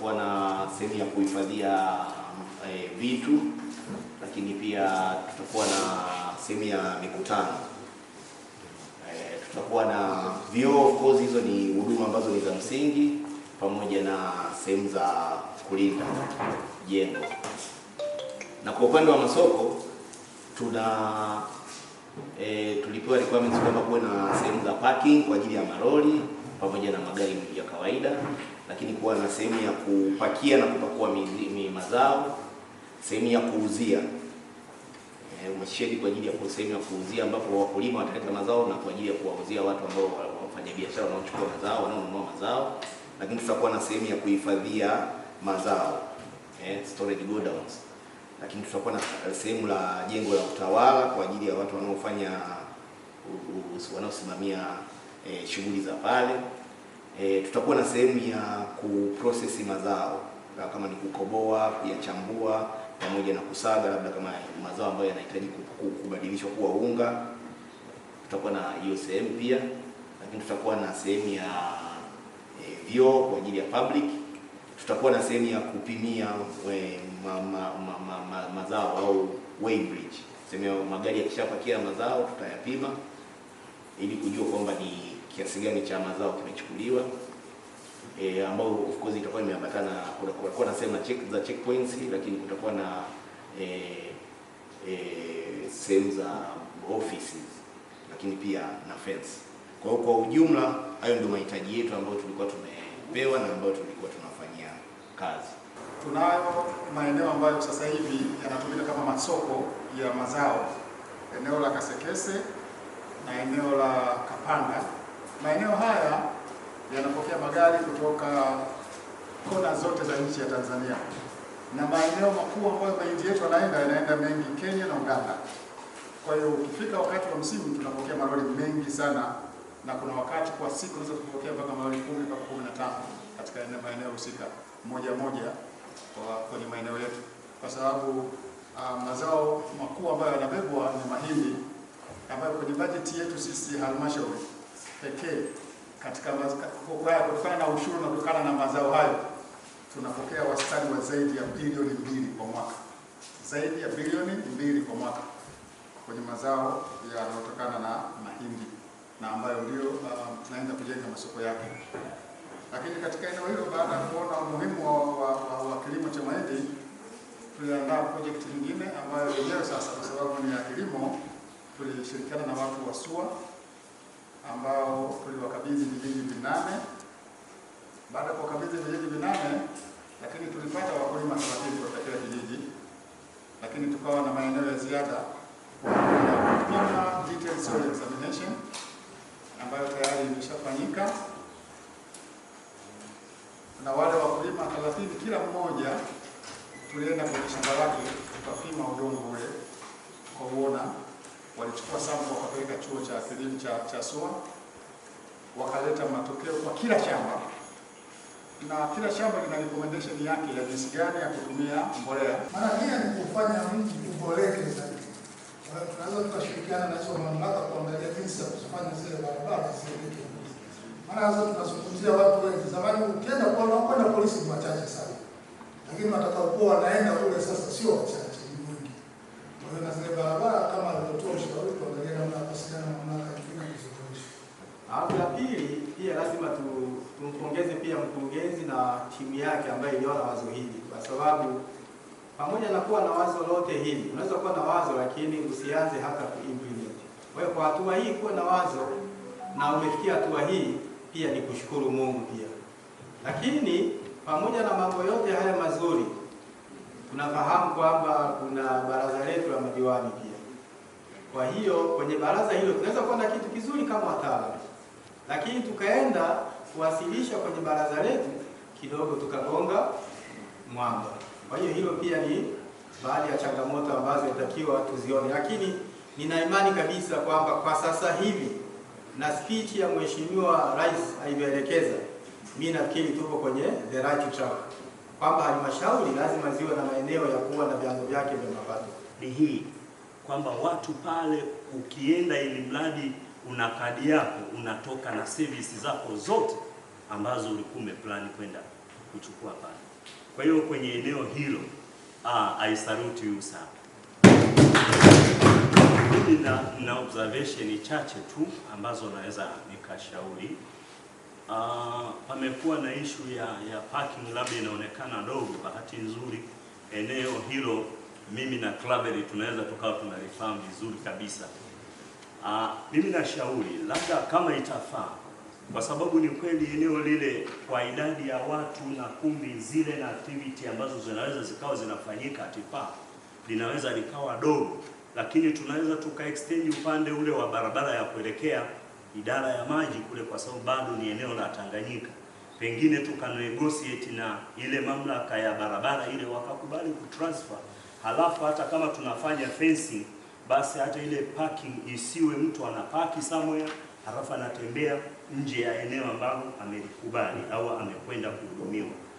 kuwa na sehemu ya kuhifadhia e, vitu, lakini pia tutakuwa na sehemu ya mikutano e, tutakuwa na vyoo. Of course hizo ni huduma ambazo ni za msingi, pamoja na sehemu za kulinda jengo. Na kwa upande wa masoko tuna e, tulipewa requirements kwamba kuwe na sehemu za parking kwa ajili ya maroli pamoja na magari ya kawaida, lakini kuwa na sehemu ya kupakia na kupakua mazao, sehemu ya kuuzia e, kwa ajili ya sehemu ya kuuzia ambapo wakulima wataleta mazao na kwa ajili ya kuwauzia watu ambao wafanyabiashara wanaochukua mazao wanaonunua mazao, lakini tutakuwa na sehemu ya kuhifadhia mazao e, storage godowns lakini tutakuwa na sehemu la jengo la utawala kwa ajili ya watu wanaofanya wanaosimamia e, shughuli za pale e, tutakuwa na sehemu ya kuprocess mazao kama ni kukoboa, kuyachambua pamoja na kusaga, labda kama mazao ambayo yanahitaji kubadilishwa kuwa unga, tutakuwa na hiyo sehemu pia, lakini tutakuwa na sehemu ya e, vyoo kwa ajili ya public tutakuwa na sehemu ya kupimia we, ma, ma, ma, ma, ma, mazao au weighbridge bridge, magari yakishapakia mazao tutayapima ili kujua kwamba ni kiasi gani cha mazao kimechukuliwa e, ambao of course itakuwa imeambatana kutakuwa na sehemu check, za checkpoints, lakini kutakuwa na e, e, sehemu za offices, lakini pia na fence. Kwa hiyo kwa ujumla, hayo ndio mahitaji yetu ambayo tulikuwa tumepewa na ambayo tulikuwa tunafanyia kazi. Tunayo maeneo ambayo sasa hivi yanatumika kama masoko ya mazao, eneo la Kasekese na eneo la Kapanga Maeneo haya yanapokea magari kutoka kona zote za nchi ya Tanzania na maeneo makuu ambayo mahindi yetu yanaenda yanaenda mengi Kenya na Uganda. Kwa hiyo ukifika wakati wa msimu tunapokea malori mengi sana, na kuna wakati kwa siku tunaweza kupokea mpaka malori kumi mpaka kumi na tano katika maeneo husika moja moja kwa kwenye maeneo yetu, kwa sababu uh, mazao makuu ambayo yanabebwa ni mahindi ambayo kwenye bajeti yetu sisi halmashauri pekee katika kutokana na ushuru unaotokana na mazao hayo, tunapokea wastani wa zaidi ya bilioni mbili kwa mwaka, zaidi ya bilioni mbili kwa mwaka kwenye mazao yanayotokana na mahindi na ambayo ndio uh, tunaenda kujenga masoko yake. Lakini katika eneo hilo, baada ya kuona umuhimu wa, wa, wa, wa kilimo cha mahindi, tuliandaa projekti nyingine ambayo yenyewe sasa, kwa sababu ni ya kilimo, tulishirikiana na watu wa SUA ambao tuliwakabidhi vijiji vinane. Baada ya kuwakabidhi vijiji vinane, lakini tulipata wakulima thelathini kwa kila kijiji, lakini tukawa na maeneo ya ziada kupima detailed soil examination ambayo tayari imeshafanyika na wale wakulima thelathini, kila mmoja tulienda kwenye shamba lake tukapima udongo ule kwa kuona, walichukua sample wakapeleka kituo cha kilimo cha, cha SUA wakaleta matokeo kwa kila shamba, na kila shamba lina recommendation yake ya jinsi gani ya kutumia mbolea. Maana hii ni kufanya mji uboreke zaidi. Tunaweza tukashirikiana na hizo mamlaka kuangalia jinsi ya kufanya zile barabara zieleke. Maana sasa tunazungumzia watu wengi, zamani ukienda kwa kwenda polisi ni wachache sana, lakini watakaokuwa wanaenda kule sasa sio wachache, ni wengi. Kwa hiyo na zile barabara kama kuwasiliana na mamlaka Alafu ya pili pia lazima tu, tumpongeze pia mkurugenzi na timu yake ambayo iliona wazo hili, kwa sababu pamoja na kuwa na wazo lote hili, unaweza kuwa na wazo lakini usianze hata kuimplement. Kwa hiyo kwa hatua hii kuwa na wazo na umefikia hatua hii pia ni kushukuru Mungu pia. Lakini pamoja na mambo yote haya mazuri, tunafahamu kwamba kuna baraza letu la madiwani pia kwa hiyo kwenye baraza hilo tunaweza kuwa na kitu kizuri kama wataalamu, lakini tukaenda kuwasilisha kwenye baraza letu kidogo tukagonga mwamba. Kwa hiyo hilo pia ni baadhi ya changamoto ambazo inatakiwa tuzione, lakini nina imani kabisa kwamba kwa sasa hivi na speech ya Mheshimiwa Rais alivyoelekeza, mimi nafikiri tupo kwenye the right track, kwamba halmashauri lazima ziwe na maeneo ya kuwa na vyanzo vyake vya mapato. Ni hii kwamba watu pale ukienda, ili mradi una kadi yako, unatoka na service zako zote ambazo ulikuwa umeplan kwenda kuchukua pale. Kwa hiyo kwenye eneo hilo ah, I salute you sana. na, na observation chache tu ambazo naweza nikashauri. Ah, pamekuwa na ishu ya, ya parking labda inaonekana dogo. Bahati nzuri eneo hilo mimi na Clavery tunaweza tukawa tunalifahamu vizuri kabisa. Aa, ah, mimi nashauri labda kama itafaa, kwa sababu ni kweli eneo lile kwa idadi ya watu na kumbi zile na activity ambazo zinaweza zikawa zinafanyika TPA linaweza likawa dogo, lakini tunaweza tuka extend upande ule wa barabara ya kuelekea idara ya maji kule, kwa sababu bado ni eneo la Tanganyika pengine tukanegotiate na ile mamlaka ya barabara ile wakakubali kutransfer halafu hata kama tunafanya fencing, basi hata ile parking isiwe mtu anapaki somewhere halafu anatembea nje ya eneo ambalo amelikubali au amekwenda kuhudumiwa.